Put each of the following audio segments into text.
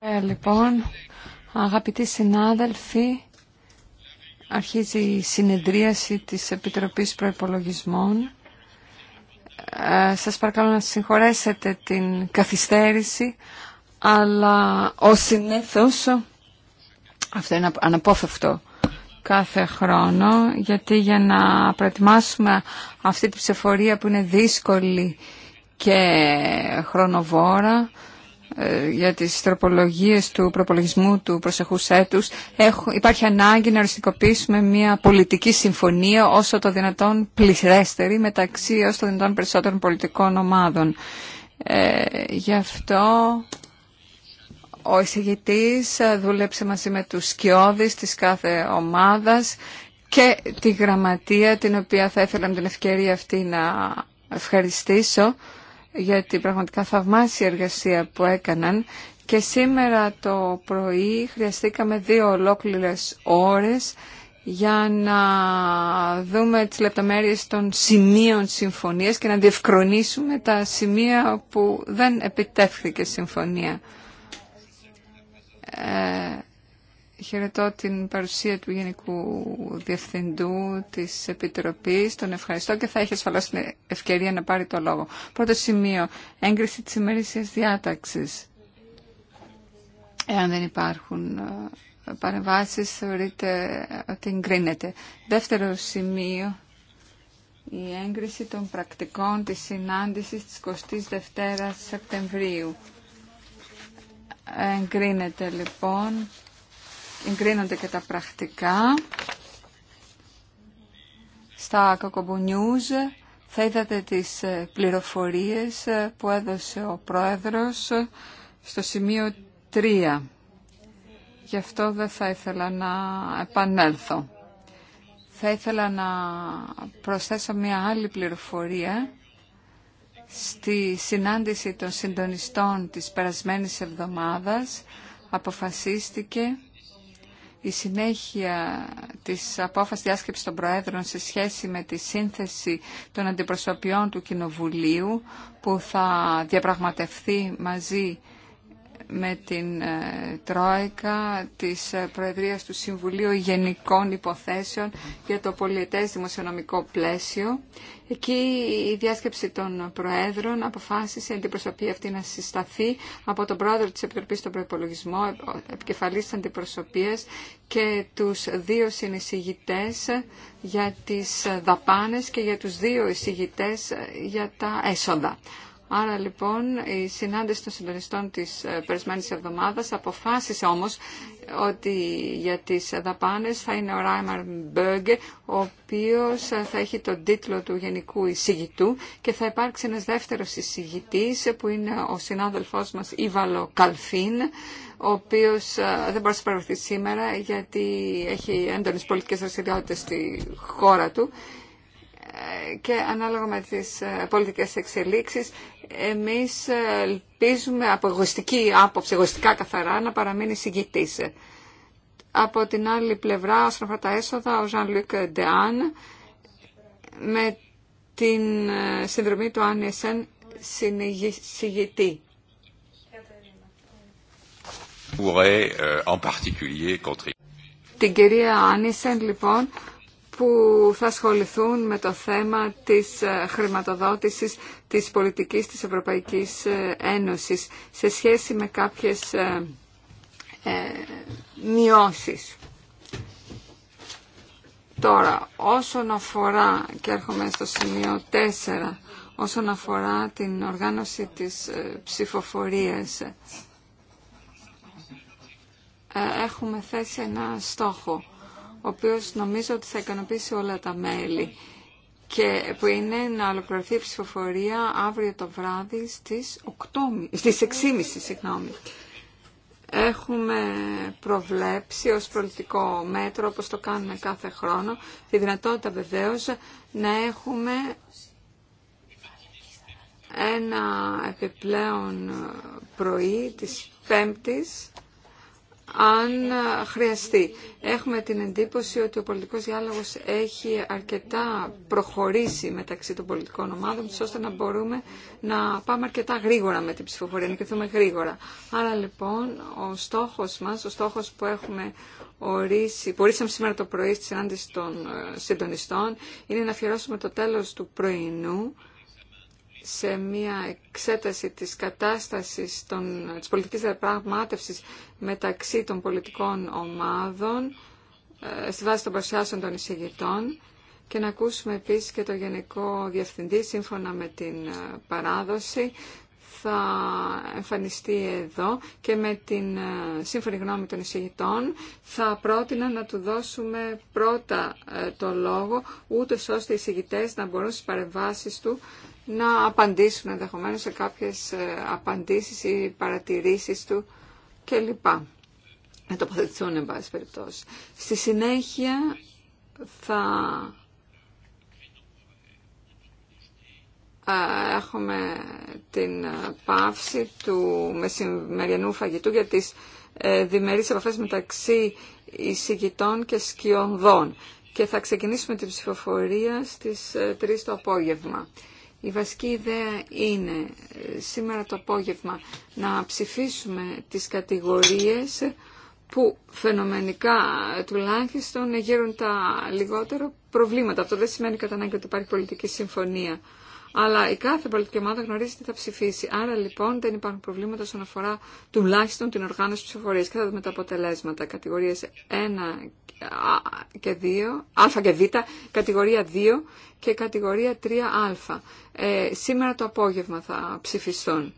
Ε, λοιπόν, αγαπητοί συνάδελφοι, αρχίζει η συνεδρίαση της Επιτροπής Προϋπολογισμών. Ε, σας παρακαλώ να συγχωρέσετε την καθυστέρηση, αλλά ο συνήθως, αυτό είναι αναπόφευκτο, κάθε χρόνο, γιατί για να προετοιμάσουμε αυτή τη ψηφορία που είναι δύσκολη και χρονοβόρα ε, για τις τροπολογίες του προπολογισμού του προσεχούς έτους Έχω, υπάρχει ανάγκη να οριστικοποιήσουμε μια πολιτική συμφωνία όσο το δυνατόν πληθρέστερη μεταξύ όσο το δυνατόν περισσότερων πολιτικών ομάδων. Ε, γι' αυτό ο εισηγητής ε, δούλεψε μαζί με τους σκιώδεις της κάθε ομάδας και τη γραμματεία την οποία θα ήθελα με την ευκαιρία αυτή να ευχαριστήσω για την πραγματικά θαυμάσια εργασία που έκαναν και σήμερα το πρωί χρειαστήκαμε δύο ολόκληρες ώρες για να δούμε τις λεπτομέρειες των σημείων συμφωνίας και να διευκρονίσουμε τα σημεία που δεν επιτεύχθηκε συμφωνία. Ε, Χαιρετώ την παρουσία του Γενικού Διευθυντού της Επιτροπής. Τον ευχαριστώ και θα έχει ασφαλώς την ευκαιρία να πάρει το λόγο. Πρώτο σημείο, έγκριση της ημερήσιας διάταξης. Εάν δεν υπάρχουν ε, παρεμβάσεις, θεωρείται ε, ότι εγκρίνεται. Δεύτερο σημείο, η έγκριση των πρακτικών της συνάντησης της 22ης Σεπτεμβρίου. Εγκρίνεται λοιπόν εγκρίνονται και τα πρακτικά. Στα Κοκομπού θα είδατε τις ε, πληροφορίες ε, που έδωσε ο Πρόεδρος ε, στο σημείο 3. Γι' αυτό δεν θα ήθελα να επανέλθω. Θα ήθελα να προσθέσω μια άλλη πληροφορία στη συνάντηση των συντονιστών της περασμένης εβδομάδας αποφασίστηκε η συνέχεια της απόφασης διάσκεψης των Προέδρων σε σχέση με τη σύνθεση των αντιπροσωπιών του Κοινοβουλίου που θα διαπραγματευτεί μαζί με την ε, Τρόικα της ε, Προεδρίας του Συμβουλίου Γενικών Υποθέσεων για το πολιετές δημοσιονομικό πλαίσιο. Εκεί η διάσκεψη των Προέδρων αποφάσισε η αντιπροσωπή αυτή να συσταθεί από τον Πρόεδρο της Επιτροπής στον Προϋπολογισμό, επικεφαλής της και τους δύο συνεισηγητές για τις δαπάνες και για τους δύο εισηγητές για τα έσοδα. Άρα λοιπόν η συνάντηση των συντονιστών της ε, περισμένης εβδομάδας αποφάσισε όμως ότι για τις δαπάνες θα είναι ο Ράιμαρ Μπέργκε, ο οποίος ε, θα έχει τον τίτλο του Γενικού Εισηγητού και θα υπάρξει ένας δεύτερος εισηγητής που είναι ο συνάδελφός μας Ήβαλο Καλφίν, ο οποίος ε, δεν μπορεί να σήμερα γιατί έχει έντονες πολιτικές δραστηριότητες στη χώρα του και ανάλογα με τις ε, πολιτικές εξελίξεις εμείς ε, ελπίζουμε από εγωιστική άποψη, εγωιστικά καθαρά να παραμείνει συγκητής. Από την άλλη πλευρά, όσον αφορά τα έσοδα, ο Ζαν Λουίκ Ντεάν με την ε, συνδρομή του Άνιεσεν συγκητή. Euh, την κυρία Άνισεν, λοιπόν, που θα ασχοληθούν με το θέμα της ε, χρηματοδότησης της πολιτικής της Ευρωπαϊκής ε, Ένωσης σε σχέση με κάποιες ε, μειώσεις. Τώρα, όσον αφορά, και έρχομαι στο σημείο 4, όσον αφορά την οργάνωση της ψηφοφορίας, έχουμε θέσει ένα στόχο ο οποίος νομίζω ότι θα ικανοποιήσει όλα τα μέλη και που είναι να ολοκληρωθεί η ψηφοφορία αύριο το βράδυ στις, στις 6.30. Συγγνώμη. Έχουμε προβλέψει ως πολιτικό μέτρο, όπως το κάνουμε κάθε χρόνο, τη δυνατότητα βεβαίως να έχουμε ένα επιπλέον πρωί της Πέμπτης αν χρειαστεί. Έχουμε την εντύπωση ότι ο πολιτικός διάλογος έχει αρκετά προχωρήσει μεταξύ των πολιτικών ομάδων, ώστε να μπορούμε να πάμε αρκετά γρήγορα με την ψηφοφορία, να κρυθούμε γρήγορα. Άρα λοιπόν ο στόχος μας, ο στόχος που έχουμε ορίσει, που ορίσαμε σήμερα το πρωί στη συνάντηση των ε, συντονιστών, είναι να αφιερώσουμε το τέλος του πρωινού σε μια εξέταση της κατάστασης των, της πολιτικής διαπραγμάτευσης μεταξύ των πολιτικών ομάδων ε, στη βάση των παρουσιάσεων των εισηγητών και να ακούσουμε επίσης και το Γενικό Διευθυντή σύμφωνα με την ε, παράδοση θα εμφανιστεί εδώ και με την ε, σύμφωνη γνώμη των εισηγητών θα πρότεινα να του δώσουμε πρώτα το λόγο ούτε ώστε οι εισηγητές να μπορούν στις παρεμβάσεις του να απαντήσουν ενδεχομένω σε κάποιες ε, απαντήσεις ή παρατηρήσεις του κλπ. Να τοποθετηθούν, εν πάση περιπτώσει. Στη συνέχεια θα έχουμε την πάυση του μεσημεριανού φαγητού για τις ε, διμερείς επαφές μεταξύ εισηγητών και σκιονδών και θα ξεκινήσουμε την ψηφοφορία στις 3 ε, το απόγευμα. Η βασική ιδέα είναι ε, σήμερα το απόγευμα να ψηφίσουμε τις κατηγορίες που φαινομενικά ε, τουλάχιστον γύρουν τα λιγότερο προβλήματα. Αυτό δεν σημαίνει κατά ανάγκη ότι υπάρχει πολιτική συμφωνία αλλά η κάθε πολιτική ομάδα γνωρίζει τι θα ψηφίσει. Άρα λοιπόν δεν υπάρχουν προβλήματα όσον αφορά τουλάχιστον την οργάνωση ψηφοφορία. Και θα δούμε τα αποτελέσματα. Κατηγορίε 1 και 2, α και β, κατηγορία 2 και κατηγορία 3α. Ε, σήμερα το απόγευμα θα ψηφιστούν.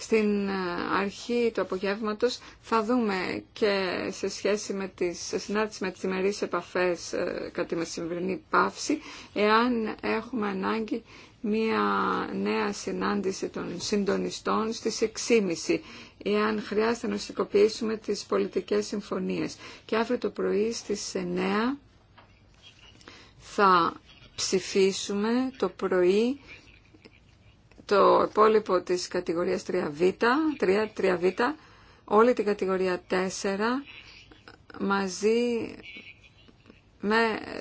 Στην ε, αρχή του απογεύματος θα δούμε και σε σχέση με τις με τις ημερείς επαφές ε, κατά τη μεσημβρινή πάυση εάν έχουμε ανάγκη μια νέα συνάντηση των συντονιστών στις 6.30 εάν χρειάζεται να νοσικοποιήσουμε τις πολιτικές συμφωνίες. Και αύριο το πρωί στις 9 θα ψηφίσουμε το πρωί το υπόλοιπο της κατηγορίας 3β, 3, 3β όλη την κατηγορία 4 μαζί με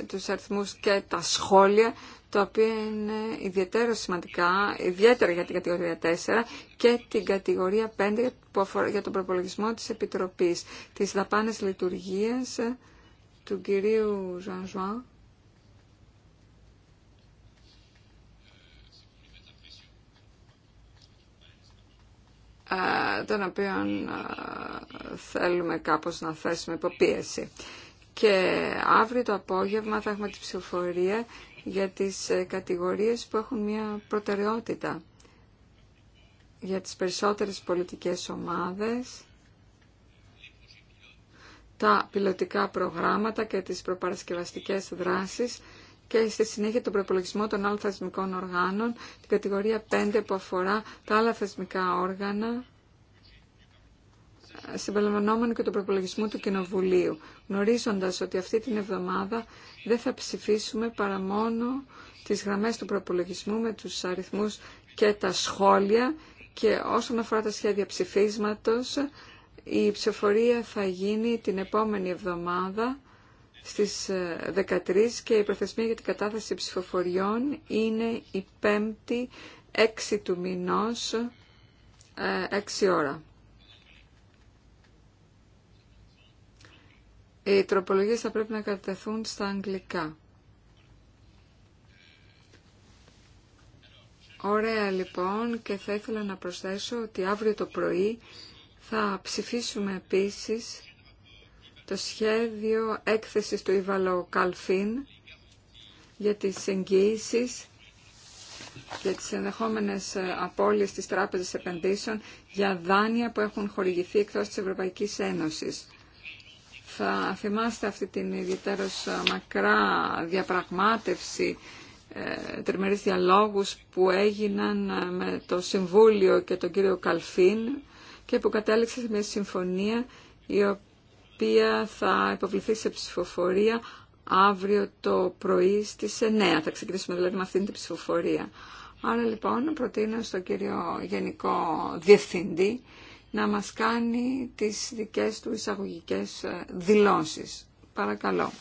τους αριθμούς και τα σχόλια τα οποία είναι ιδιαίτερα σημαντικά, ιδιαίτερα για την κατηγορία 4 και την κατηγορία 5 που αφορά για τον προπολογισμό της Επιτροπής, της δαπάνες λειτουργίας του κυρίου Ζανζουάν τον οποίων θέλουμε κάπως να θέσουμε υποπίεση. Και αύριο το απόγευμα θα έχουμε τη ψηφοφορία για τις ε, κατηγορίες που έχουν μια προτεραιότητα για τις περισσότερες πολιτικές ομάδες, τα πιλωτικά προγράμματα και τις προπαρασκευαστικές δράσεις και στη συνέχεια τον προπολογισμό των άλλων θεσμικών οργάνων, την κατηγορία 5 που αφορά τα άλλα θεσμικά όργανα, συμπεριλαμβανόμενο και το προπολογισμό του Κοινοβουλίου, γνωρίζοντας ότι αυτή την εβδομάδα δεν θα ψηφίσουμε παρά μόνο τις γραμμές του προπολογισμού με τους αριθμούς και τα σχόλια και όσον αφορά τα σχέδια ψηφίσματος, η ψηφοφορία θα γίνει την επόμενη εβδομάδα στις 13 ε, και η προθεσμία για την κατάθεση ψηφοφοριών είναι η 5η 6 του μηνός 6 ε, ώρα. Οι τροπολογίες θα πρέπει να κατατεθούν στα αγγλικά. Ωραία λοιπόν και θα ήθελα να προσθέσω ότι αύριο το πρωί θα ψηφίσουμε επίσης το σχέδιο έκθεσης του Ιβαλο Καλφίν για τις εγγύησεις και τις ενδεχόμενες ε, απώλειες της Τράπεζας Επενδύσεων για δάνεια που έχουν χορηγηθεί εκτός της Ευρωπαϊκής Ένωσης. Θα θυμάστε αυτή την ιδιαίτερως ε, μακρά διαπραγμάτευση ε, τριμερείς διαλόγους που έγιναν με το Συμβούλιο και τον κύριο Καλφίν και που κατέληξε σε μια συμφωνία η οποία οποία θα υποβληθεί σε ψηφοφορία αύριο το πρωί στις 9. Θα ξεκινήσουμε δηλαδή με αυτήν την ψηφοφορία. Άρα λοιπόν προτείνω στον κύριο Γενικό Διευθυντή να μας κάνει τις δικές του εισαγωγικές ε, δηλώσεις. Παρακαλώ.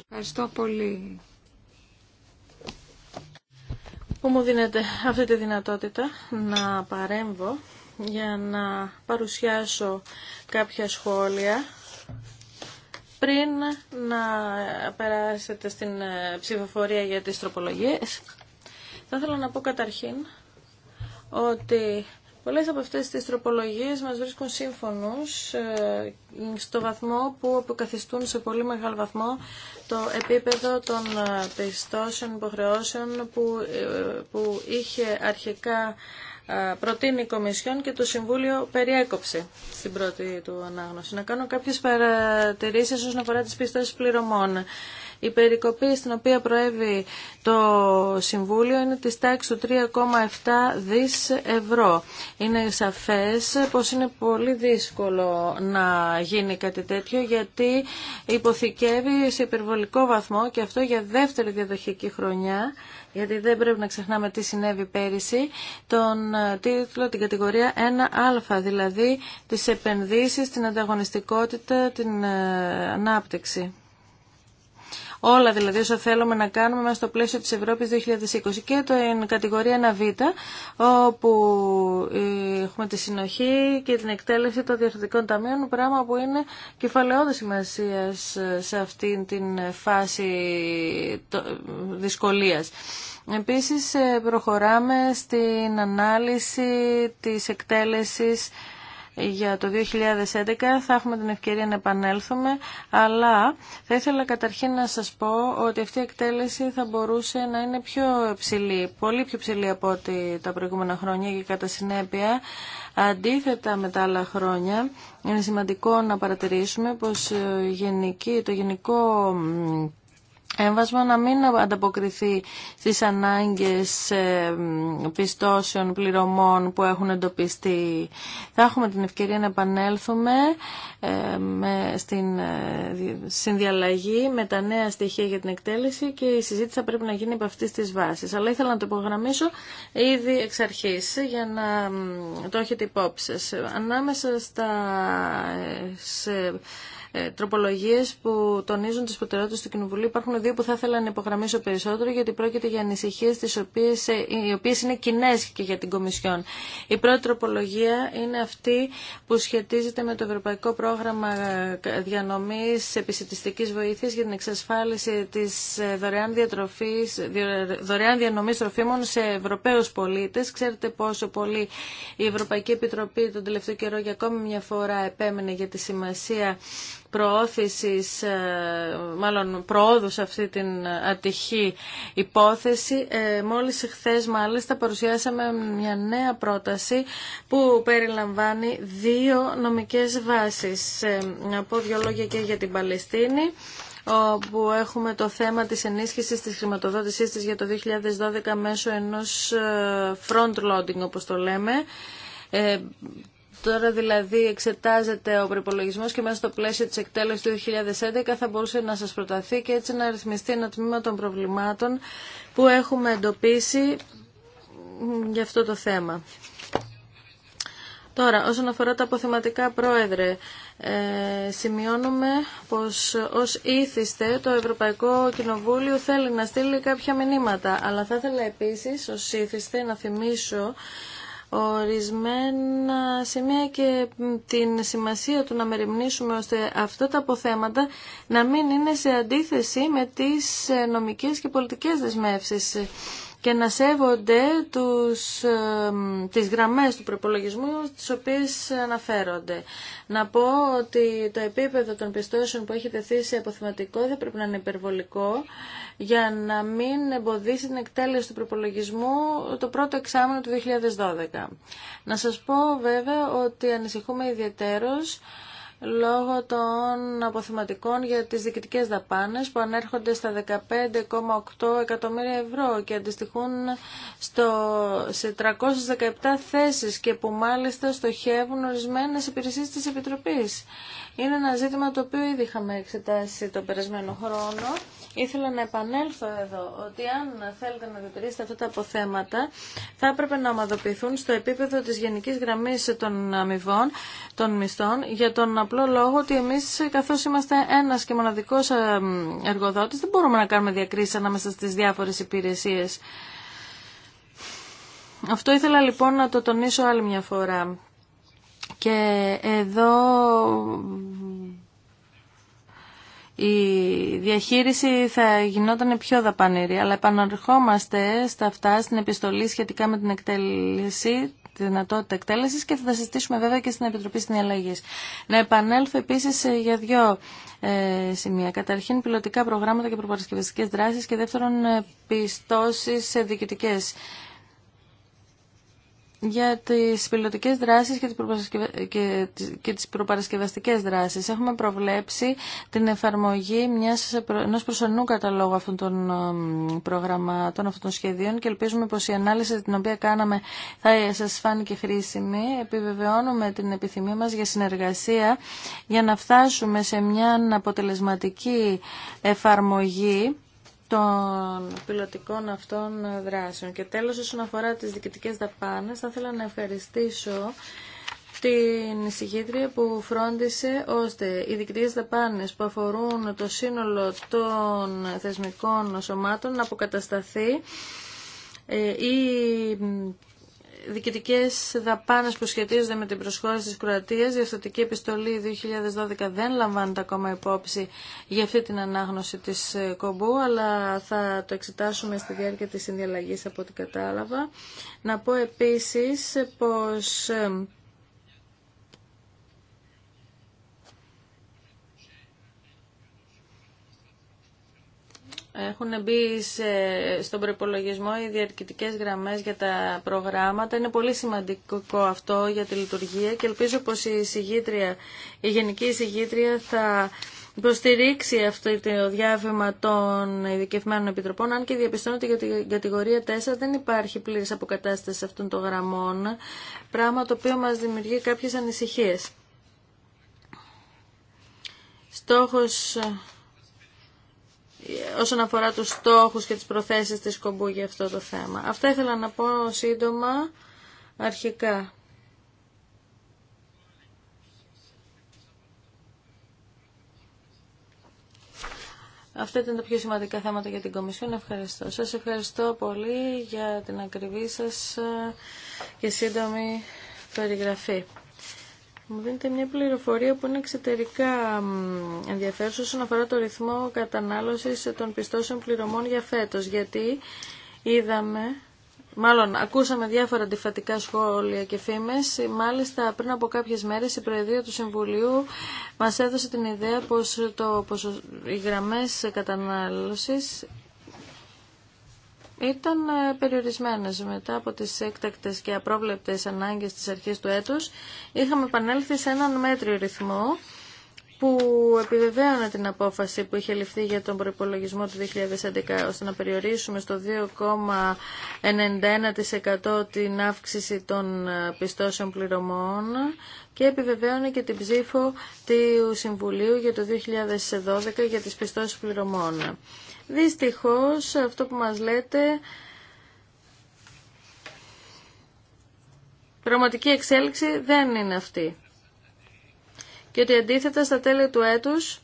Ευχαριστώ πολύ που μου δίνετε αυτή τη δυνατότητα να παρέμβω για να παρουσιάσω κάποια σχόλια πριν να περάσετε στην ε, ψηφοφορία για τις τροπολογίες. Θα ήθελα να πω καταρχήν ότι πολλές από αυτές τις τροπολογίες μας βρίσκουν σύμφωνους ε, στο βαθμό που αποκαθιστούν σε πολύ μεγάλο βαθμό το επίπεδο των ε, πιστώσεων υποχρεώσεων που, που είχε αρχικά ε, προτείνει η Κομισιόν και το Συμβούλιο περιέκοψε στην πρώτη του ανάγνωση. Να κάνω κάποιες παρατηρήσεις όσον αφορά τις πίστες πληρωμών. Η περικοπή στην οποία προέβη το Συμβούλιο είναι της τάξης του 3,7 δις ευρώ. Είναι σαφές πως είναι πολύ δύσκολο να γίνει κάτι τέτοιο γιατί υποθηκεύει σε υπερβολικό βαθμό και αυτό για δεύτερη διαδοχική χρονιά γιατί δεν πρέπει να ξεχνάμε τι συνέβη πέρυσι, τον ε, τίτλο, την κατηγορία 1α, δηλαδή τις επενδύσεις, την ανταγωνιστικότητα, την ε, ανάπτυξη. Όλα δηλαδή όσα θέλουμε να κάνουμε μέσα στο πλαίσιο της Ευρώπης 2020 και το εν κατηγορία 1β όπου έχουμε τη συνοχή και την εκτέλεση των διευθυντικών ταμείων πράγμα που είναι κεφαλαιόδης σημασία σε αυτήν την φάση δυσκολίας. Επίσης ε, προχωράμε στην ανάλυση της εκτέλεσης για το 2011 θα έχουμε την ευκαιρία να επανέλθουμε, αλλά θα ήθελα καταρχήν να σας πω ότι αυτή η εκτέλεση θα μπορούσε να είναι πιο ψηλή, πολύ πιο ψηλή από ό,τι τα προηγούμενα χρόνια και κατά συνέπεια Αντίθετα με τα άλλα χρόνια, είναι σημαντικό να παρατηρήσουμε πως ε, γενική, το γενικό έμβασμα να μην ανταποκριθεί στις ανάγκες ε, πιστώσεων, πληρωμών που έχουν εντοπιστεί. Θα έχουμε την ευκαιρία να επανέλθουμε ε, στην ε, συνδιαλλαγή με τα νέα στοιχεία για την εκτέλεση και η συζήτηση θα πρέπει να γίνει από αυτής της βάσης. Αλλά ήθελα να το υπογραμμίσω ήδη εξ αρχής για να το έχετε υπόψη Ανάμεσα στα σε ε, Τροπολογίε που τονίζουν τις προτεραιότητε του Κοινοβουλίου. Υπάρχουν δύο που θα ήθελα να υπογραμμίσω περισσότερο γιατί πρόκειται για ανησυχίε ε, οι οποίε είναι κοινέ και για την Κομισιόν. Η πρώτη τροπολογία είναι αυτή που σχετίζεται με το Ευρωπαϊκό Πρόγραμμα ε, Διανομή Επισητιστικής βοήθεια για την εξασφάλιση τη δωρεάν, διατροφής, δωρεάν διανομής τροφίμων σε ευρωπαίου πολίτε. Ξέρετε πόσο πολύ η Ευρωπαϊκή Επιτροπή τον τελευταίο καιρό για ακόμη μια φορά επέμενε για τη σημασία προώθησης, ε, μάλλον προόδου σε αυτή την ατυχή υπόθεση. Ε, μόλις χθε μάλιστα παρουσιάσαμε μια νέα πρόταση που περιλαμβάνει δύο νομικές βάσεις. Ε, να πω δύο λόγια και για την Παλαιστίνη όπου έχουμε το θέμα της ενίσχυσης της χρηματοδότησής της για το 2012 μέσω ενός front-loading όπως το λέμε Τώρα δηλαδή εξετάζεται ο προπολογισμό και μέσα στο πλαίσιο τη εκτέλεση του 2011 θα μπορούσε να σα προταθεί και έτσι να ρυθμιστεί ένα τμήμα των προβλημάτων που έχουμε εντοπίσει για αυτό το θέμα. Τώρα, όσον αφορά τα αποθεματικά πρόεδρε, ε, σημειώνουμε πως ως ήθιστε το Ευρωπαϊκό Κοινοβούλιο θέλει να στείλει κάποια μηνύματα, αλλά θα ήθελα επίσης ως ήθιστε να θυμίσω ορισμένα σημεία και την σημασία του να μεριμνήσουμε ώστε αυτά τα αποθέματα να μην είναι σε αντίθεση με τις νομικές και πολιτικές δεσμεύσεις και να σέβονται τους, ε, τις γραμμές του προπολογισμού τις οποίες αναφέρονται. Να πω ότι το επίπεδο των πιστώσεων που έχει τεθεί σε αποθυματικό δεν πρέπει να είναι υπερβολικό για να μην εμποδίσει την εκτέλεση του προπολογισμού το πρώτο εξάμεινο του 2012. Να σας πω βέβαια ότι ανησυχούμε ιδιαίτερος λόγω των αποθυματικών για τις διοικητικές δαπάνες που ανέρχονται στα 15,8 εκατομμύρια ευρώ και αντιστοιχούν στο, σε 317 θέσεις και που μάλιστα στοχεύουν ορισμένες υπηρεσίες της Επιτροπής. Είναι ένα ζήτημα το οποίο ήδη είχαμε εξετάσει τον περασμένο χρόνο. Ήθελα να επανέλθω εδώ ότι αν θέλετε να διατηρήσετε αυτά τα αποθέματα θα έπρεπε να ομαδοποιηθούν στο επίπεδο της γενικής γραμμής των αμοιβών, των μισθών, για τον απλό λόγο ότι εμείς καθώς είμαστε ένας και μοναδικός ε, εργοδότης δεν μπορούμε να κάνουμε διακρίσει ανάμεσα στις διάφορες υπηρεσίες. Αυτό ήθελα λοιπόν να το τονίσω άλλη μια φορά. Και εδώ η διαχείριση θα γινόταν πιο δαπανηρή, αλλά επαναρχόμαστε στα αυτά στην επιστολή σχετικά με την εκτέλεση τη δυνατότητα εκτέλεση και θα τα συζητήσουμε βέβαια και στην Επιτροπή Συνδιαλλαγή. Να επανέλθω επίση ε, για δύο ε, σημεία. Καταρχήν, πιλωτικά προγράμματα και προπαρασκευαστικέ δράσει και δεύτερον, ε, πιστώσει διοικητικέ για τις πιλωτικές δράσεις και τις προπαρασκευαστικές δράσεις. Έχουμε προβλέψει την εφαρμογή μιας, ενός προσωρινού καταλόγου αυτών των ε, προγραμμάτων, αυτών των σχεδίων και ελπίζουμε πως η ανάλυση την οποία κάναμε θα σας φάνηκε χρήσιμη. Επιβεβαιώνουμε την επιθυμία μας για συνεργασία για να φτάσουμε σε μια αποτελεσματική εφαρμογή των πιλωτικών αυτών δράσεων. Και τέλος, όσον αφορά τις διοικητικές δαπάνες, θα ήθελα να ευχαριστήσω την συγχύτρια που φρόντισε ώστε οι διοικητικές δαπάνες που αφορούν το σύνολο των θεσμικών σωμάτων να αποκατασταθεί ή ε, διοικητικέ δαπάνες που σχετίζονται με την προσχώρηση της Κροατίας, διαστατική επιστολή 2012 δεν λαμβάνεται ακόμα υπόψη για αυτή την ανάγνωση της ε, Κομπού, αλλά θα το εξετάσουμε στη διάρκεια της συνδιαλλαγής από ό,τι κατάλαβα. Να πω επίσης πως... Ε, Έχουν μπει στον προπολογισμό οι διαρκητικέ γραμμέ για τα προγράμματα. Είναι πολύ σημαντικό αυτό για τη λειτουργία και ελπίζω πω η, η Γενική Συγγήτρια θα υποστηρίξει αυτό το διάβημα των ειδικευμένων επιτροπών, αν και διαπιστώνω ότι για την κατηγορία 4 δεν υπάρχει πλήρης αποκατάσταση αυτών των γραμμών, πράγμα το οποίο μας δημιουργεί κάποιες ανησυχίες. Στόχος όσον αφορά τους στόχους και τις προθέσεις της Κομπού για αυτό το θέμα. Αυτά ήθελα να πω σύντομα αρχικά. Αυτά ήταν τα πιο σημαντικά θέματα για την Κομισιόν. Ευχαριστώ. Σας ευχαριστώ πολύ για την ακριβή σας και σύντομη περιγραφή. Μου δίνετε μια πληροφορία που είναι εξωτερικά ενδιαφέρουσα όσον αφορά το ρυθμό κατανάλωσης των πιστώσεων πληρωμών για φέτος, γιατί είδαμε Μάλλον ακούσαμε διάφορα αντιφατικά σχόλια και φήμες. Μάλιστα πριν από κάποιες μέρες η Προεδρία του Συμβουλίου μας έδωσε την ιδέα πως, το, πως οι γραμμές κατανάλωσης ήταν ε, περιορισμένες μετά από τις έκτακτες και απρόβλεπτες ανάγκες της αρχής του έτους. Είχαμε επανέλθει σε έναν μέτριο ρυθμό που επιβεβαίωνε την απόφαση που είχε ληφθεί για τον προϋπολογισμό του 2011 ώστε να περιορίσουμε στο 2,91% την αύξηση των ε, πιστώσεων πληρωμών και επιβεβαίωνε και την ψήφο του Συμβουλίου για το 2012 για τις πιστώσεις πληρωμών. Δυστυχώς αυτό που μας λέτε πραγματική εξέλιξη δεν είναι αυτή. Και ότι αντίθετα στα τέλη του έτους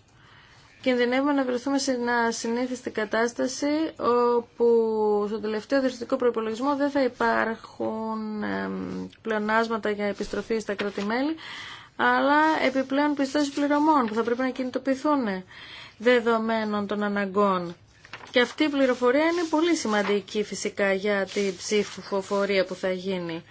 κινδυνεύουμε να βρεθούμε σε μια συνήθιστη κατάσταση όπου στο τελευταίο διευθυντικό προπολογισμό δεν θα υπάρχουν πλεονάσματα για επιστροφή στα κρατημέλη αλλά επιπλέον πιστώσεις πληρωμών που θα πρέπει να κινητοποιηθούν δεδομένων των αναγκών. Και αυτή η πληροφορία είναι πολύ σημαντική φυσικά για την ψηφοφορία που θα γίνει.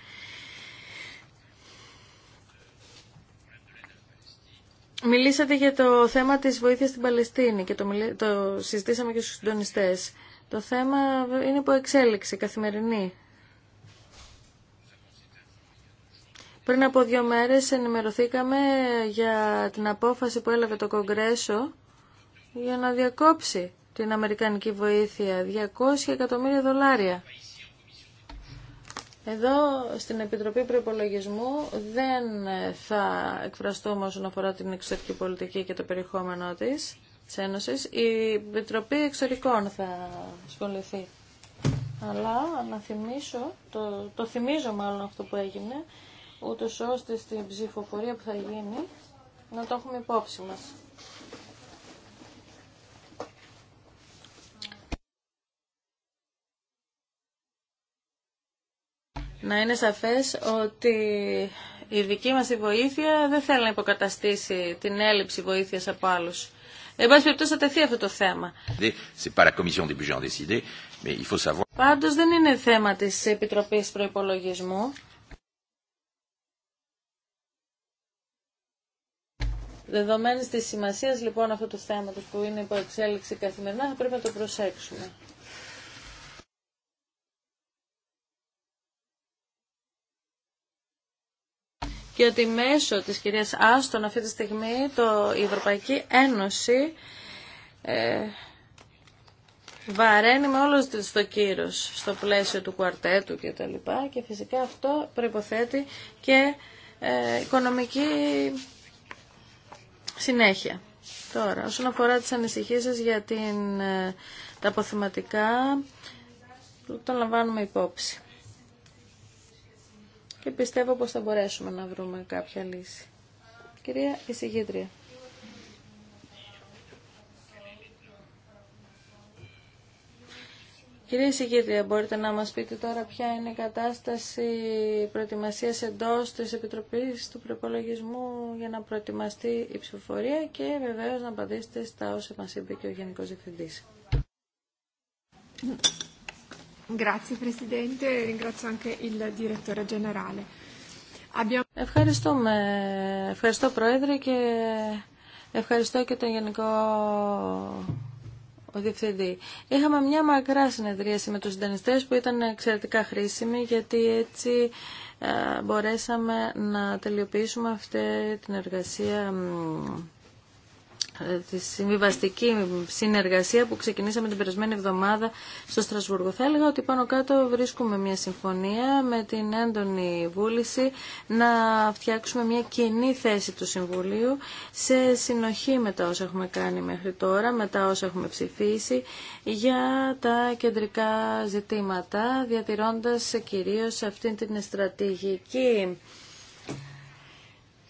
Μιλήσατε για το θέμα της βοήθειας στην Παλαιστίνη και το, το συζητήσαμε και στους συντονιστές. Το θέμα είναι υπό εξέλιξη καθημερινή. Πριν από δύο μέρες ενημερωθήκαμε για την απόφαση που έλαβε το Κογκρέσο για να διακόψει την Αμερικανική βοήθεια. 200 εκατομμύρια δολάρια. Εδώ στην Επιτροπή Προπολογισμού δεν θα εκφραστούμε όσον αφορά την εξωτερική πολιτική και το περιεχόμενό της, Ένωση. Η Επιτροπή Εξωτερικών θα ασχοληθεί. Αλλά να θυμίσω, το, το θυμίζω μάλλον αυτό που έγινε, ούτως ώστε στην ψηφοφορία που θα γίνει να το έχουμε υπόψη μας. να είναι σαφές ότι η δική μας βοήθεια δεν θέλει να υποκαταστήσει την έλλειψη βοήθειας από άλλους. Εν πάση περιπτώσει θα τεθεί αυτό το θέμα. Πάντως δεν είναι θέμα της Επιτροπής Προϋπολογισμού. Δεδομένης της σημασίας λοιπόν αυτού του θέματος που είναι υπό εξέλιξη καθημερινά θα πρέπει να το προσέξουμε. και ότι μέσω της κυρίας Άστον αυτή τη στιγμή το, η Ευρωπαϊκή Ένωση ε, βαραίνει με όλους τους το κύρος στο πλαίσιο του κουαρτέτου και τα λοιπά και φυσικά αυτό προϋποθέτει και ε, οικονομική συνέχεια. Τώρα, όσον αφορά τις ανησυχίες για την, ε, τα αποθεματικά, το λαμβάνουμε υπόψη και πιστεύω πως θα μπορέσουμε να βρούμε κάποια λύση. Κυρία Εισηγήτρια. Κυρία Εισηγήτρια, μπορείτε να μας πείτε τώρα ποια είναι η κατάσταση προετοιμασίας εντός της Επιτροπής του Προπολογισμού για να προετοιμαστεί η ψηφοφορία και βεβαίως να απαντήσετε στα όσα μας είπε και ο Γενικός Διευθυντής. Grazie Presidente, ringrazio anche il Direttore Generale. Ευχαριστώ Πρόεδρε και ευχαριστώ και τον Γενικό ο Διευθυντή. Είχαμε μια μακρά συνεδρίαση με τους συντενιστές που ήταν εξαιρετικά χρήσιμη γιατί έτσι ε, μπορέσαμε να τελειοποιήσουμε αυτή την εργασία ε, τη συμβιβαστική συνεργασία που ξεκινήσαμε την περασμένη εβδομάδα στο Στρασβούργο. Θα έλεγα ότι πάνω κάτω βρίσκουμε μια συμφωνία με την έντονη βούληση να φτιάξουμε μια κοινή θέση του Συμβουλίου σε συνοχή με τα όσα έχουμε κάνει μέχρι τώρα, με τα όσα έχουμε ψηφίσει για τα κεντρικά ζητήματα, διατηρώντας κυρίως αυτή την στρατηγική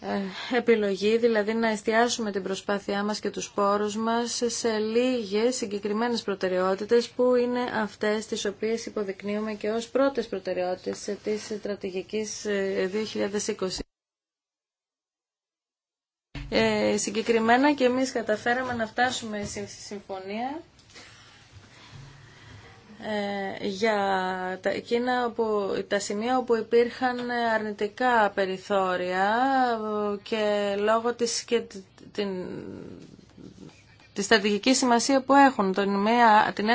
ε, επιλογή, δηλαδή να εστιάσουμε την προσπάθειά μας και τους πόρους μας σε λίγες συγκεκριμένες προτεραιότητες που είναι αυτές τις οποίες υποδεικνύουμε και ως πρώτες προτεραιότητες της στρατηγικής 2020. Ε, ε, συγκεκριμένα και εμείς καταφέραμε να φτάσουμε στη συμφωνία ε, για τα, εκείνα όπου, τα σημεία όπου υπήρχαν αρνητικά περιθώρια και λόγω της, και, την, της στρατηγική σημασία που έχουν, τον, την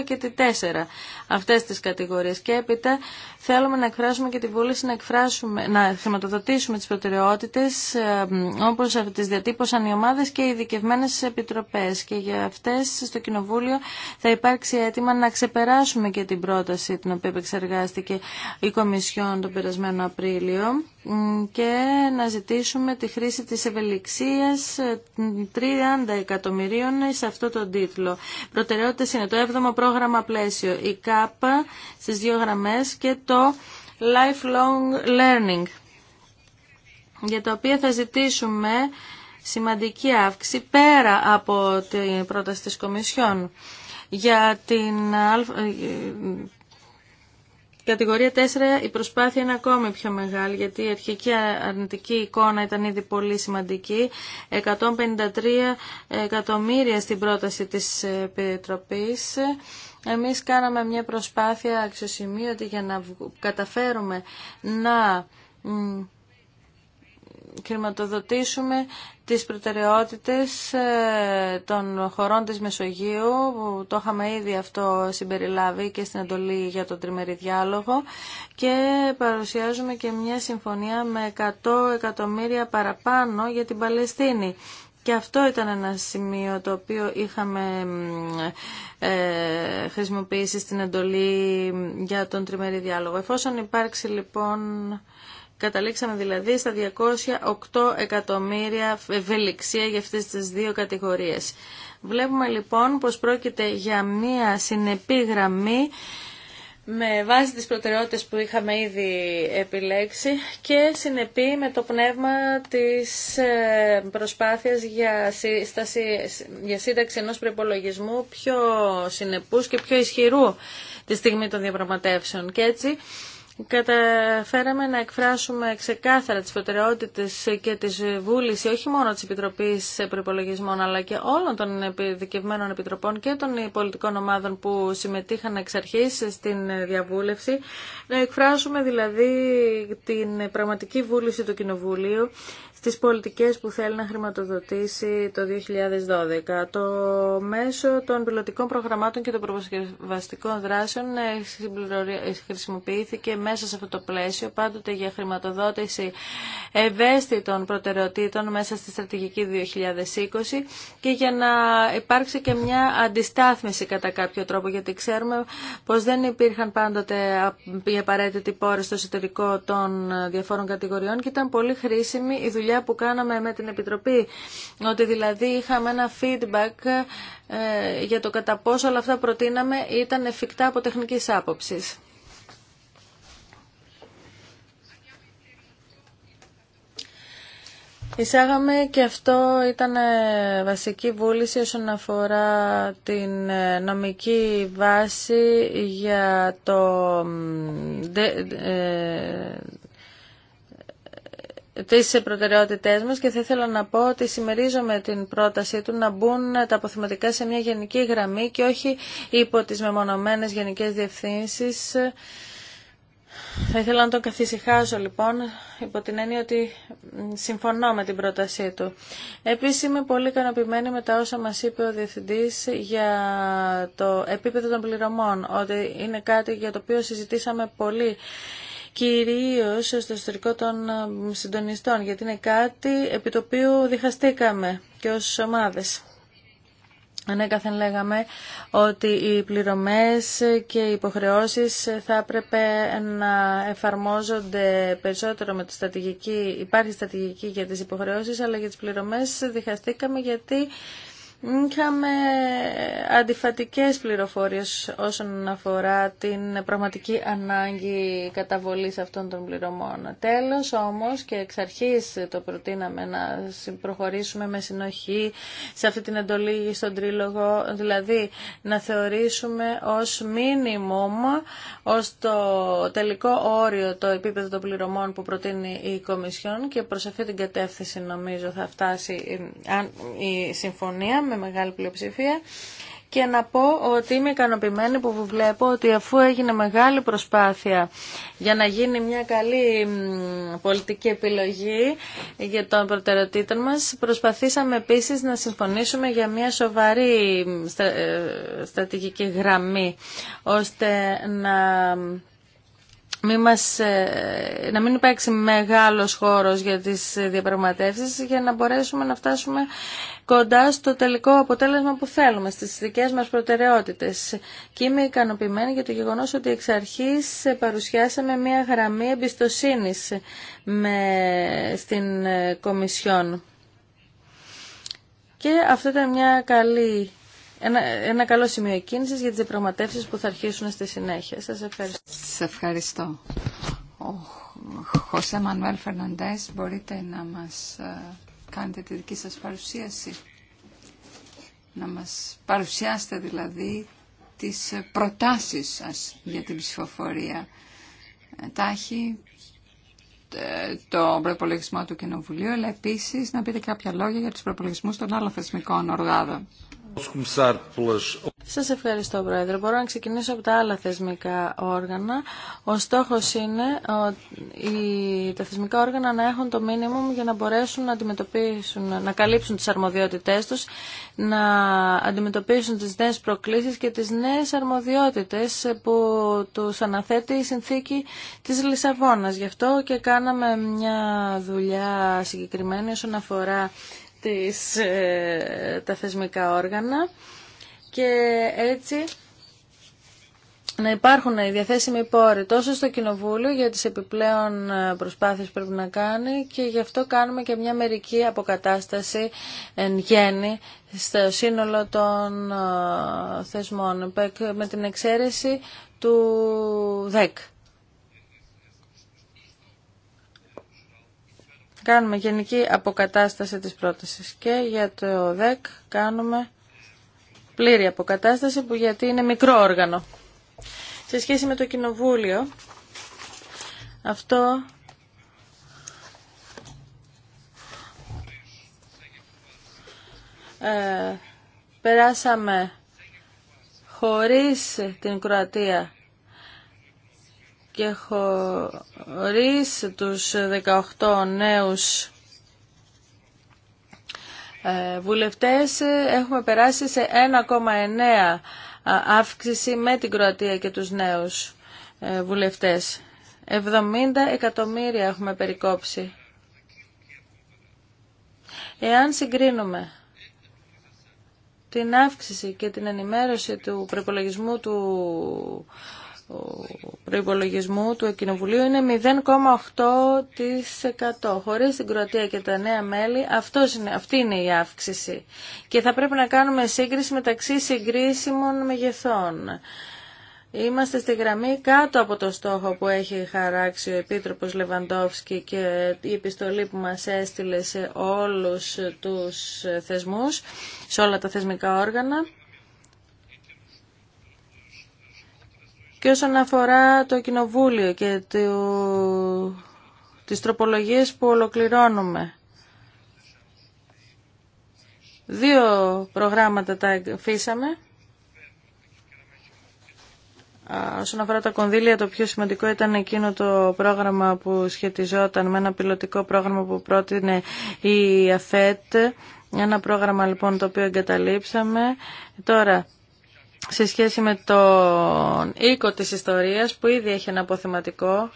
1α και την 4, αυτές τις κατηγορίες. Και έπειτα Θέλουμε να εκφράσουμε και τη βούληση να, εκφράσουμε, να χρηματοδοτήσουμε τις προτεραιότητες ε, όπως τις διατύπωσαν οι ομάδες και οι ειδικευμένε επιτροπές. Και για αυτές στο Κοινοβούλιο θα υπάρξει αίτημα να ξεπεράσουμε και την πρόταση την οποία επεξεργάστηκε η Κομισιόν τον περασμένο Απρίλιο και να ζητήσουμε τη χρήση της ευελιξίας 30 ε, εκατομμυρίων σε αυτό το τίτλο. Προτεραιότητες είναι το 7ο πρόγραμμα πλαίσιο, η ΚΑΠΑ στις δύο γραμμές και το το lifelong learning, για το οποίο θα ζητήσουμε σημαντική αύξηση πέρα από την πρόταση της Κομισιόν για την Κατηγορία 4, η προσπάθεια είναι ακόμη πιο μεγάλη, γιατί η αρχική αρνητική εικόνα ήταν ήδη πολύ σημαντική. 153 εκατομμύρια στην πρόταση της Επιτροπής. Εμείς κάναμε μια προσπάθεια αξιοσημείωτη για να καταφέρουμε να χρηματοδοτήσουμε τις προτεραιότητες ε, των χωρών της Μεσογείου, το είχαμε ήδη αυτό συμπεριλάβει και στην εντολή για τον τριμερή διάλογο και παρουσιάζουμε και μια συμφωνία με 100 εκατομμύρια παραπάνω για την Παλαιστίνη. Και αυτό ήταν ένα σημείο το οποίο είχαμε ε, χρησιμοποιήσει στην εντολή για τον τριμερή διάλογο. Εφόσον υπάρξει λοιπόν Καταλήξαμε δηλαδή στα 208 εκατομμύρια ευελιξία για αυτές τις δύο κατηγορίες. Βλέπουμε λοιπόν πως πρόκειται για μία συνεπή γραμμή με βάση τις προτεραιότητες που είχαμε ήδη επιλέξει και συνεπή με το πνεύμα της ε, προσπάθειας για, σύσταση, για σύνταξη ενός προπολογισμού πιο συνεπούς και πιο ισχυρού τη στιγμή των διαπραγματεύσεων. Και έτσι καταφέραμε να εκφράσουμε ξεκάθαρα τις προτεραιότητες και τις βούληση όχι μόνο της Επιτροπής Προπολογισμών αλλά και όλων των επιδικευμένων επιτροπών και των πολιτικών ομάδων που συμμετείχαν εξ αρχής στην διαβούλευση να εκφράσουμε δηλαδή την πραγματική βούληση του Κοινοβουλίου στις πολιτικές που θέλει να χρηματοδοτήσει το 2012. Το μέσο των πιλωτικών προγραμμάτων και των προσκευαστικών δράσεων ε, ε, χρησιμοποιήθηκε μέσα σε αυτό το πλαίσιο, πάντοτε για χρηματοδότηση ευαίσθητων προτεραιοτήτων μέσα στη στρατηγική 2020 και για να υπάρξει και μια αντιστάθμιση κατά κάποιο τρόπο, γιατί ξέρουμε πως δεν υπήρχαν πάντοτε οι απαραίτητοι πόρες στο εσωτερικό των διαφόρων κατηγοριών και ήταν πολύ χρήσιμη η δουλειά που κάναμε με την Επιτροπή, ότι δηλαδή είχαμε ένα feedback ε, για το κατά πόσο όλα αυτά προτείναμε ήταν εφικτά από τεχνικής άποψης. Εισάγαμε και αυτό ήταν ε, βασική βούληση όσον αφορά την ε, νομική βάση για το τις προτεραιότητές μας και θα ήθελα να πω ότι συμμερίζομαι την πρότασή του να μπουν τα αποθυματικά σε μια γενική γραμμή και όχι υπό τις μεμονωμένες γενικές διευθύνσεις. Θα ήθελα να τον καθησυχάσω λοιπόν υπό την έννοια ότι συμφωνώ με την πρότασή του. Επίσης είμαι πολύ ικανοποιημένη με τα όσα μας είπε ο Διευθυντής για το επίπεδο των πληρωμών, ότι είναι κάτι για το οποίο συζητήσαμε πολύ κυρίως στο ιστορικό των ε, συντονιστών, γιατί είναι κάτι επί το οποίο διχαστήκαμε και ως ομάδες. Ανέκαθεν λέγαμε ότι οι πληρωμές και οι υποχρεώσεις θα έπρεπε να εφαρμόζονται περισσότερο με τη στρατηγική, υπάρχει στρατηγική για τις υποχρεώσεις, αλλά για τις πληρωμές διχαστήκαμε γιατί Είχαμε αντιφατικές πληροφορίες όσον αφορά την πραγματική ανάγκη καταβολής αυτών των πληρωμών. Τέλος όμως και εξ αρχής το προτείναμε να προχωρήσουμε με συνοχή σε αυτή την εντολή στον τρίλογο, δηλαδή να θεωρήσουμε ως μίνιμουμ, ως το τελικό όριο το επίπεδο των πληρωμών που προτείνει η Κομισιόν και προς αυτή την κατεύθυνση νομίζω θα φτάσει ε, η συμφωνία με μεγάλη πλειοψηφία και να πω ότι είμαι ικανοποιημένη που βλέπω ότι αφού έγινε μεγάλη προσπάθεια για να γίνει μια καλή πολιτική επιλογή για τον προτεραιοτήτων μας, προσπαθήσαμε επίσης να συμφωνήσουμε για μια σοβαρή ε, στρατηγική γραμμή, ώστε να μας, ε, να μην υπάρξει μεγάλος χώρος για τις διαπραγματεύσεις για να μπορέσουμε να φτάσουμε κοντά στο τελικό αποτέλεσμα που θέλουμε, στις δικές μας προτεραιότητες. Και είμαι ικανοποιημένη για το γεγονός ότι εξ αρχής παρουσιάσαμε μια γραμμή εμπιστοσύνης με, στην ε, Κομισιόν. Και αυτό ήταν μια καλή ένα, ένα καλό σημείο κίνηση για τις διαπραγματεύσει που θα αρχίσουν στη συνέχεια. Σας ευχαριστώ. Σα ευχαριστώ. Ο Χωσέ Μανουέλ Φερναντές, μπορείτε να μας ε, κάνετε τη δική σας παρουσίαση. Να μας παρουσιάσετε δηλαδή τις ε, προτάσεις σας για την ψηφοφορία. Ε, Τάχει το προπολογισμό του Κοινοβουλίου, αλλά επίσης να πείτε κάποια λόγια για τους προπολογισμούς των άλλων θεσμικών οργάδων. Σας ευχαριστώ, Πρόεδρε. Μπορώ να ξεκινήσω από τα άλλα θεσμικά όργανα. Ο στόχος είναι τα θεσμικά όργανα να έχουν το μήνυμα για να μπορέσουν να αντιμετωπίσουν, να καλύψουν τις αρμοδιότητές τους, να αντιμετωπίσουν τις νέες προκλήσεις και τις νέες αρμοδιότητες που τους αναθέτει η συνθήκη της Λισαβόνας. Γι' αυτό και κάναμε μια δουλειά συγκεκριμένη όσον αφορά ε, τα θεσμικά όργανα και έτσι να υπάρχουν οι διαθέσιμοι πόροι τόσο στο Κοινοβούλιο για τις επιπλέον ε, προσπάθειες που πρέπει να κάνει και γι' αυτό κάνουμε και μια μερική αποκατάσταση εν γέννη στο σύνολο των ε, θεσμών με την εξαίρεση του ΔΕΚ. κάνουμε γενική αποκατάσταση της πρότασης και για το ΔΕΚ κάνουμε πλήρη αποκατάσταση που γιατί είναι μικρό όργανο. Σε σχέση με το Κοινοβούλιο, αυτό ε, περάσαμε χωρίς την Κροατία και χωρίς τους 18 νέους ε, βουλευτές έχουμε περάσει σε 1,9 αύξηση με την Κροατία και τους νέους ε, βουλευτές. 70 εκατομμύρια έχουμε περικόψει. Εάν συγκρίνουμε την αύξηση και την ενημέρωση του προπολογισμού του προϋπολογισμού του Κοινοβουλίου είναι 0,8%. Χωρίς την Κροατία και τα νέα μέλη, αυτός είναι, αυτή είναι η αύξηση. Και θα πρέπει να κάνουμε σύγκριση μεταξύ συγκρίσιμων μεγεθών. Είμαστε στη γραμμή κάτω από το στόχο που έχει χαράξει ο Επίτροπος Λεβαντόφσκι και η επιστολή που μας έστειλε σε όλους τους θεσμούς, σε όλα τα θεσμικά όργανα. Και όσον αφορά το Κοινοβούλιο και το... τις τροπολογίες που ολοκληρώνουμε, δύο προγράμματα τα αφήσαμε. Όσον αφορά τα κονδύλια, το πιο σημαντικό ήταν εκείνο το πρόγραμμα που σχετιζόταν με ένα πιλωτικό πρόγραμμα που πρότεινε η ΑΦΕΤ. Ένα πρόγραμμα λοιπόν το οποίο εγκαταλείψαμε. Τώρα, σε σχέση με τον οίκο της ιστορίας που ήδη έχει ένα αποθεματικό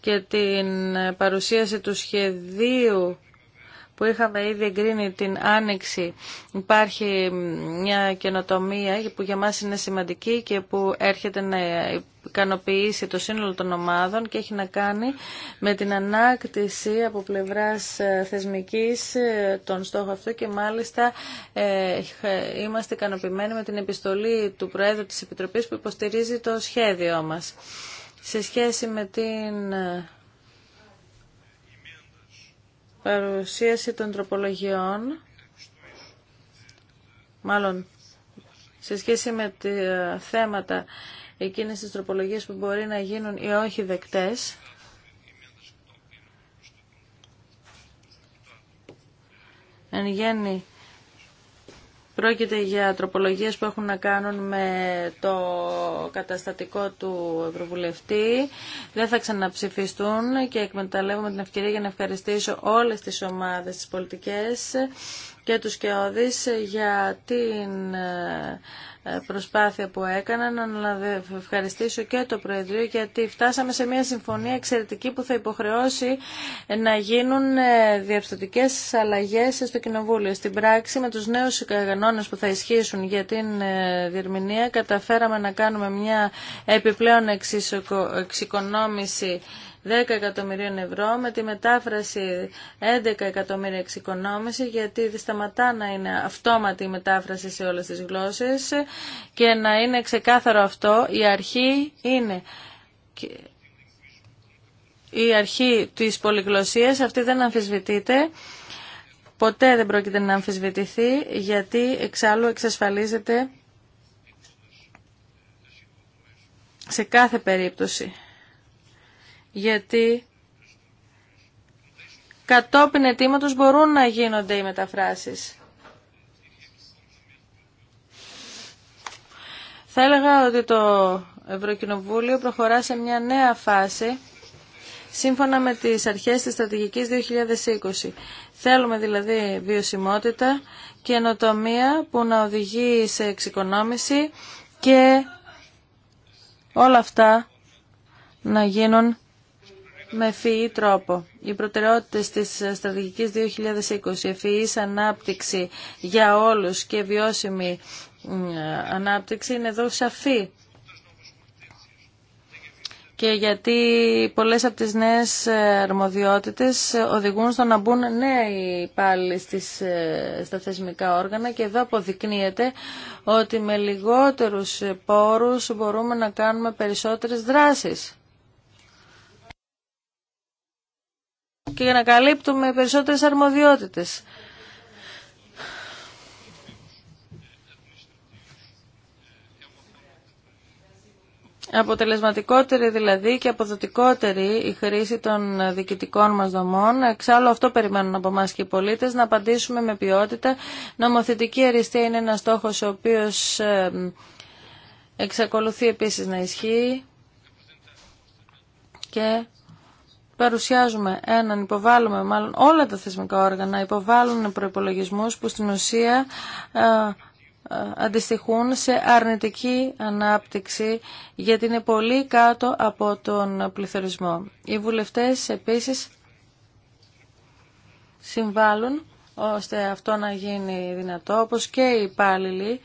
και την παρουσίαση του σχεδίου που είχαμε ήδη εγκρίνει την άνοιξη υπάρχει μια καινοτομία που για μας είναι σημαντική και που έρχεται να ικανοποιήσει το σύνολο των ομάδων και έχει να κάνει με την ανάκτηση από πλευράς ε, θεσμικής ε, των στόχων αυτού και μάλιστα ε, είμαστε ικανοποιημένοι με την επιστολή του Προέδρου της Επιτροπής που υποστηρίζει το σχέδιό μας. Σε σχέση με την παρουσίαση των τροπολογιών, μάλλον σε σχέση με τα θέματα εκείνες τις τροπολογίες που μπορεί να γίνουν ή όχι δεκτές. Εν γέννη, πρόκειται για τροπολογίες που έχουν να κάνουν με το καταστατικό του Ευρωβουλευτή. Δεν θα ξαναψηφιστούν και εκμεταλλεύομαι την ευκαιρία για να ευχαριστήσω όλες τις ομάδες, τις πολιτικές και τους Κεώδης για την ε, προσπάθεια που έκαναν. Να ευχαριστήσω και το Προεδρείο γιατί φτάσαμε σε μια συμφωνία εξαιρετική που θα υποχρεώσει ε, να γίνουν ε, διαπιστωτικές αλλαγές στο Κοινοβούλιο. Στην πράξη με τους νέους κανόνες που θα ισχύσουν για την διερμηνία καταφέραμε να κάνουμε μια επιπλέον εξοικονόμηση 10 εκατομμυρίων ευρώ με τη μετάφραση 11 εκατομμύρια εξοικονόμηση γιατί σταματά να είναι αυτόματη η μετάφραση σε όλες τις γλώσσες και να είναι ξεκάθαρο αυτό η αρχή είναι η αρχή της πολυγλωσσίας αυτή δεν αμφισβητείται ποτέ δεν πρόκειται να αμφισβητηθεί γιατί εξάλλου εξασφαλίζεται σε κάθε περίπτωση γιατί κατόπιν αιτήματος μπορούν να γίνονται οι μεταφράσεις. Θα έλεγα ότι το Ευρωκοινοβούλιο προχωρά σε μια νέα φάση σύμφωνα με τις αρχές της στρατηγικής 2020. Θέλουμε δηλαδή βιωσιμότητα και ενοτομία που να οδηγεί σε εξοικονόμηση και όλα αυτά να γίνουν με ευφυή τρόπο. Οι προτεραιότητες της στρατηγικής 2020, ευφυής ανάπτυξη για όλους και βιώσιμη ανάπτυξη είναι εδώ σαφή. Και γιατί πολλές από τις νέες ε, αρμοδιότητες ε, οδηγούν στο να μπουν νέοι πάλι στις, ε, στα θεσμικά όργανα και εδώ αποδεικνύεται ότι με λιγότερους πόρους μπορούμε να κάνουμε περισσότερες δράσεις. και να καλύπτουμε περισσότερες αρμοδιότητες. Αποτελεσματικότερη δηλαδή και αποδοτικότερη η χρήση των διοικητικών μας δομών. Εξάλλου αυτό περιμένουν από εμά και οι πολίτες, να απαντήσουμε με ποιότητα. Νομοθετική αριστεία είναι ένας στόχος ο οποίος ε, εξακολουθεί επίσης να ισχύει και παρουσιάζουμε έναν, υποβάλλουμε μάλλον όλα τα θεσμικά όργανα, υποβάλλουν προϋπολογισμούς που στην ουσία ε, ε, αντιστοιχούν σε αρνητική ανάπτυξη γιατί είναι πολύ κάτω από τον πληθωρισμό. Οι βουλευτές επίσης συμβάλλουν ώστε αυτό να γίνει δυνατό, όπως και οι υπάλληλοι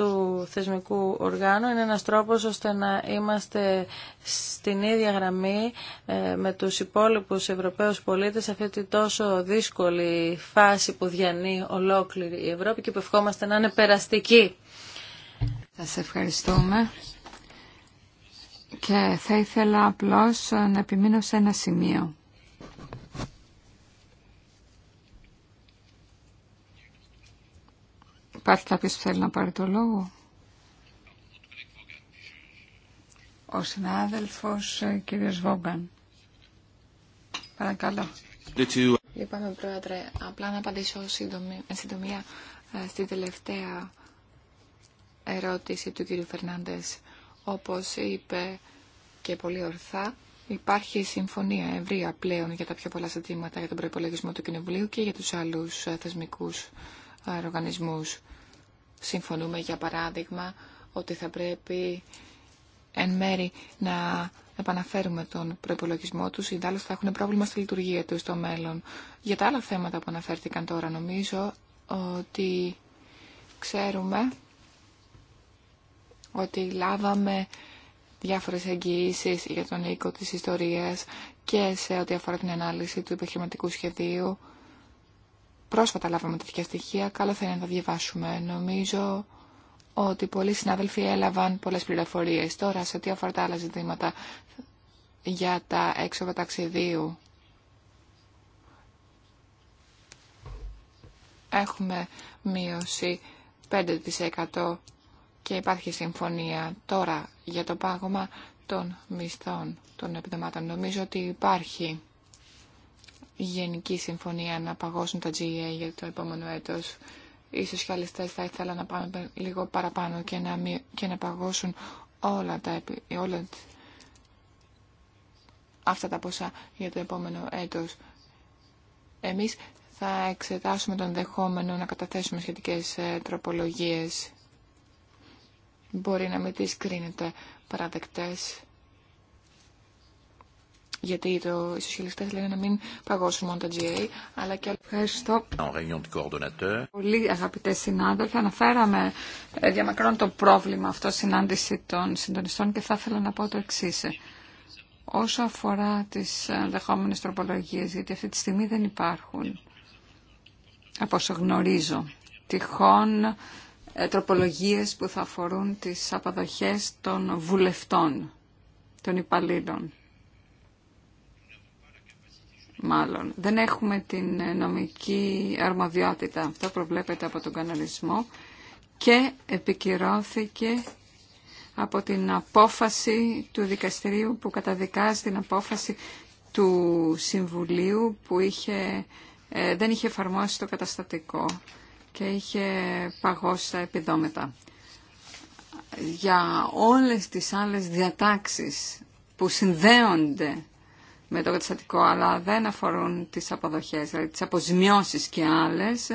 του θεσμικού οργάνου είναι ένας τρόπος ώστε να είμαστε στην ίδια γραμμή ε, με τους υπόλοιπους Ευρωπαίους πολίτες σε αυτή τη τόσο δύσκολη φάση που διανύει ολόκληρη η Ευρώπη και που ευχόμαστε να είναι περαστική. Σας ευχαριστούμε και θα ήθελα απλώς να επιμείνω σε ένα σημείο. Υπάρχει κάποιος που θέλει να πάρει το λόγο. Ο συνάδελφος ε, κύριος Βόγκαν. Παρακαλώ. Λοιπόν, πρόεδρε, απλά να απαντήσω σύντομη, συντομία ε, στη τελευταία ερώτηση του κύριου Φερνάντες. Όπως είπε και πολύ ορθά, Υπάρχει συμφωνία ευρεία πλέον για τα πιο πολλά ζητήματα για τον προπολογισμό του Κοινοβουλίου και για τους άλλους ε, θεσμικούς οργανισμούς. Συμφωνούμε, για παράδειγμα, ότι θα πρέπει εν μέρη να επαναφέρουμε τον προπολογισμό τους, ή άλλως θα έχουν πρόβλημα στη λειτουργία του στο μέλλον. Για τα άλλα θέματα που αναφέρθηκαν τώρα, νομίζω ότι ξέρουμε ότι λάβαμε διάφορες εγγυήσει για τον οίκο της ιστορίας και σε ό,τι αφορά την ανάλυση του επιχειρηματικού σχεδίου Πρόσφατα λάβαμε τέτοια στοιχεία, καλό θα είναι να τα διαβάσουμε. Νομίζω ότι πολλοί συνάδελφοι έλαβαν πολλέ πληροφορίες. Τώρα, σε τι αφορά τα άλλα ζητήματα για τα έξοδα ταξιδίου, έχουμε μείωση 5% και υπάρχει συμφωνία τώρα για το πάγωμα των μισθών των επιδομάτων. Νομίζω ότι υπάρχει γενική συμφωνία να παγώσουν τα GEA για το επόμενο έτος. Οι σοσιαλιστές θα ήθελα να πάνε λίγο παραπάνω και να, και να παγώσουν όλα τα, όλα αυτά τα ποσά για το επόμενο έτος. Εμείς θα εξετάσουμε τον δεχόμενο να καταθέσουμε σχετικές ε, τροπολογίες. Μπορεί να μην τις κρίνετε παραδεκτές γιατί το, οι σοσιαλιστές λένε να μην παγώσουν μόνο τα GA, αλλά και Ευχαριστώ πολύ αγαπητέ συνάδελφοι. Αναφέραμε ε, διαμακρών το πρόβλημα αυτό συνάντηση των συντονιστών και θα ήθελα να πω το εξή. Όσο αφορά τις ενδεχόμενε τροπολογίες, γιατί αυτή τη στιγμή δεν υπάρχουν, από όσο γνωρίζω, τυχόν ε, τροπολογίες που θα αφορούν τις αποδοχές των βουλευτών, των υπαλλήλων μάλλον. Δεν έχουμε την ε, νομική αρμοδιότητα. Αυτό προβλέπεται από τον κανονισμό και επικυρώθηκε από την απόφαση του δικαστηρίου που καταδικάζει την απόφαση του Συμβουλίου που είχε, ε, δεν είχε εφαρμόσει το καταστατικό και είχε παγώσει τα επιδόμετα. Για όλες τις άλλες διατάξεις που συνδέονται με το καταστατικό, αλλά δεν αφορούν τις αποδοχές, δηλαδή τις αποζημιώσεις και άλλες.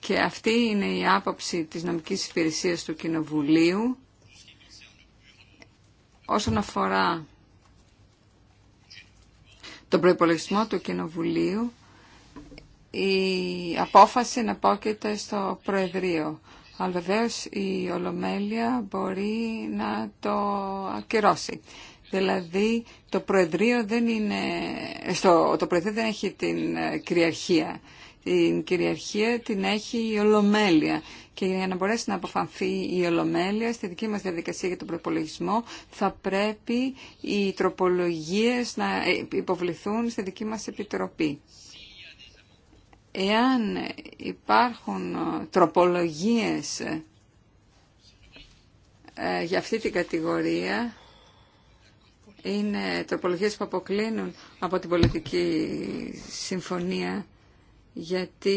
Και αυτή είναι η άποψη της νομικής υπηρεσίας του Κοινοβουλίου όσον αφορά τον προϋπολογισμό του Κοινοβουλίου η απόφαση να πόκειται στο Προεδρείο. Αλλά βεβαίω η Ολομέλεια μπορεί να το ακυρώσει. Δηλαδή το Προεδρείο δεν είναι, στο, το Προεδρείο δεν έχει την ε, κυριαρχία. Την κυριαρχία την έχει η Ολομέλεια. Και για να μπορέσει να αποφανθεί η Ολομέλεια στη δική μας διαδικασία για τον προπολογισμό θα πρέπει οι τροπολογίες να ε, υποβληθούν στη δική μας επιτροπή. Εάν υπάρχουν ε, τροπολογίες για αυτή την κατηγορία είναι τροπολογίες που αποκλίνουν από την πολιτική συμφωνία γιατί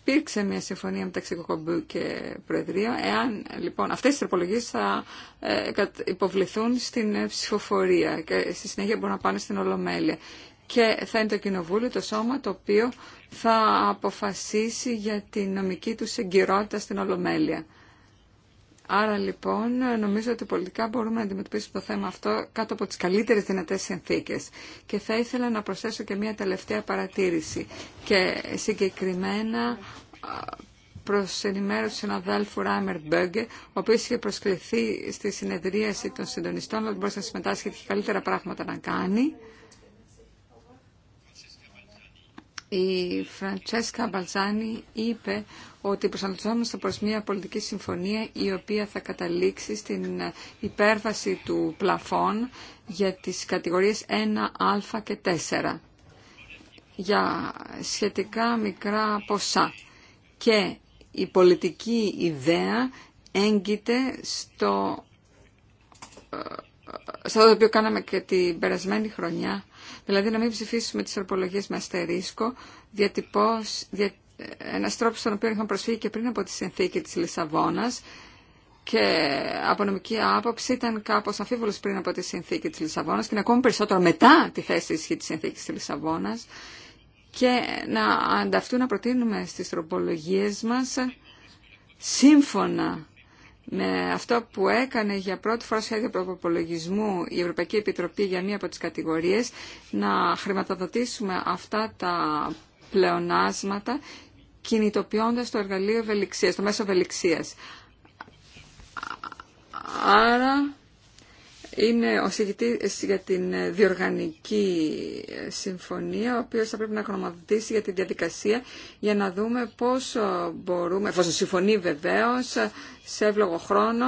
υπήρξε μια συμφωνία μεταξύ Κοκομπού και Προεδρία. Εάν λοιπόν αυτές οι τροπολογίες θα ε, υποβληθούν στην ψηφοφορία και στη συνέχεια μπορούν να πάνε στην Ολομέλεια. Και θα είναι το Κοινοβούλιο, το σώμα το οποίο θα αποφασίσει για την νομική του εγκυρότητα στην Ολομέλεια. Άρα λοιπόν νομίζω ότι πολιτικά μπορούμε να αντιμετωπίσουμε το θέμα αυτό κάτω από τις καλύτερες δυνατές συνθήκες. Και θα ήθελα να προσθέσω και μια τελευταία παρατήρηση και συγκεκριμένα προς ενημέρωση του αδελφού Ράιμερ Μπέγκε, ο οποίο είχε προσκληθεί στη συνεδρίαση των συντονιστών, αλλά μπορούσε να συμμετάσχει και καλύτερα πράγματα να κάνει. Η Φραντσέσκα Μπαλζάνη είπε ότι προσανατολισόμαστε προς μια πολιτική συμφωνία η οποία θα καταλήξει στην υπέρβαση του πλαφών για τις κατηγορίες 1α και 4 για σχετικά μικρά ποσά. Και η πολιτική ιδέα έγκυται στο, ε, το οποίο κάναμε και την περασμένη χρονιά, δηλαδή να μην ψηφίσουμε τις ορπολογίες με αστερίσκο, διατυπώς, ενα τρόπο στον οποίο είχαμε προσφύγει και πριν από τη συνθήκη της Λισαβόνας και από νομική άποψη ήταν κάπως αμφίβολος πριν από τη συνθήκη της Λισαβόνας και είναι ακόμη περισσότερο μετά τη θέση ισχύ της συνθήκης της Λισαβόνας και να ανταυτού να προτείνουμε στις τροπολογίες μας σύμφωνα με αυτό που έκανε για πρώτη φορά σχέδιο προπολογισμού η Ευρωπαϊκή Επιτροπή για μία από τις κατηγορίες να χρηματοδοτήσουμε αυτά τα πλεονάσματα κινητοποιώντας το εργαλείο ευελιξίας, το μέσο ευελιξίας. Άρα είναι ο συγκητής για την διοργανική συμφωνία, ο οποίος θα πρέπει να χρωματοδοτήσει για τη διαδικασία για να δούμε πώς μπορούμε, εφόσον συμφωνεί βεβαίως, σε εύλογο χρόνο,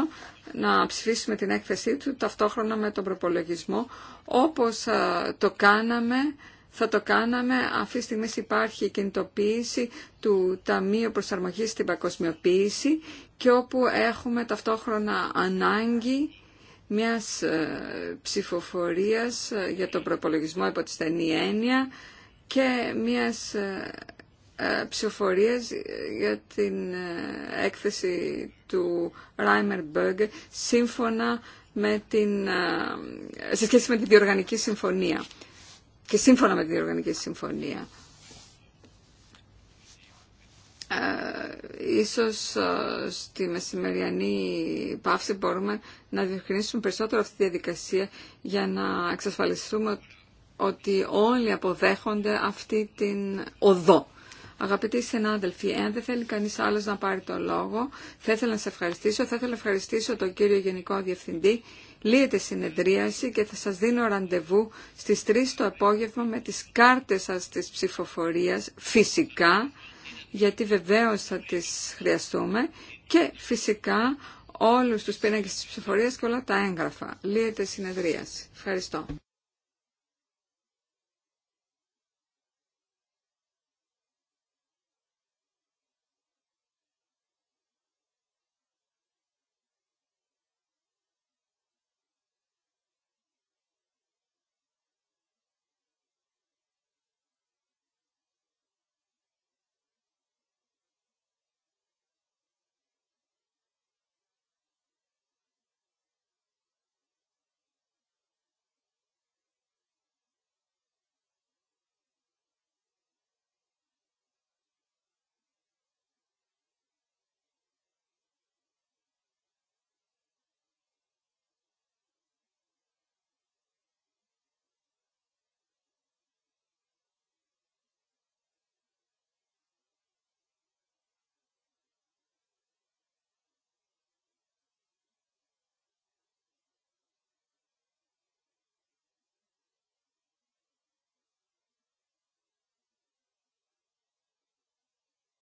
να ψηφίσουμε την έκθεσή του ταυτόχρονα με τον προπολογισμό, όπως ε, το κάναμε θα το κάναμε. Αυτή τη στιγμή υπάρχει η κινητοποίηση του Ταμείου Προσαρμογής στην Πακοσμιοποίηση και όπου έχουμε ταυτόχρονα ανάγκη μιας ε, ψηφοφορίας ε, για τον προπολογισμό υπό τη στενή έννοια και μιας ε, ψηφοφορίας για την έκθεση του Ράιμερ σύμφωνα με την, σε σχέση με τη διοργανική συμφωνία και σύμφωνα με την Οργανική Συμφωνία. Ε, ίσως ε, στη μεσημεριανή παύση μπορούμε να διευκρινίσουμε περισσότερο αυτή τη διαδικασία για να εξασφαλιστούμε ότι όλοι αποδέχονται αυτή την οδό. Αγαπητοί συνάδελφοι, εάν δεν θέλει κανεί άλλο να πάρει το λόγο, θα ήθελα να σε ευχαριστήσω. Θα ήθελα να ευχαριστήσω τον κύριο Γενικό Διευθυντή Λύεται συνεδρίαση και θα σας δίνω ραντεβού στις 3 το απόγευμα με τις κάρτες σας της ψηφοφορίας, φυσικά, γιατί βεβαίως θα τις χρειαστούμε και φυσικά όλους τους πίνακες της ψηφοφορίας και όλα τα έγγραφα. Λύεται συνεδρίαση. Ευχαριστώ.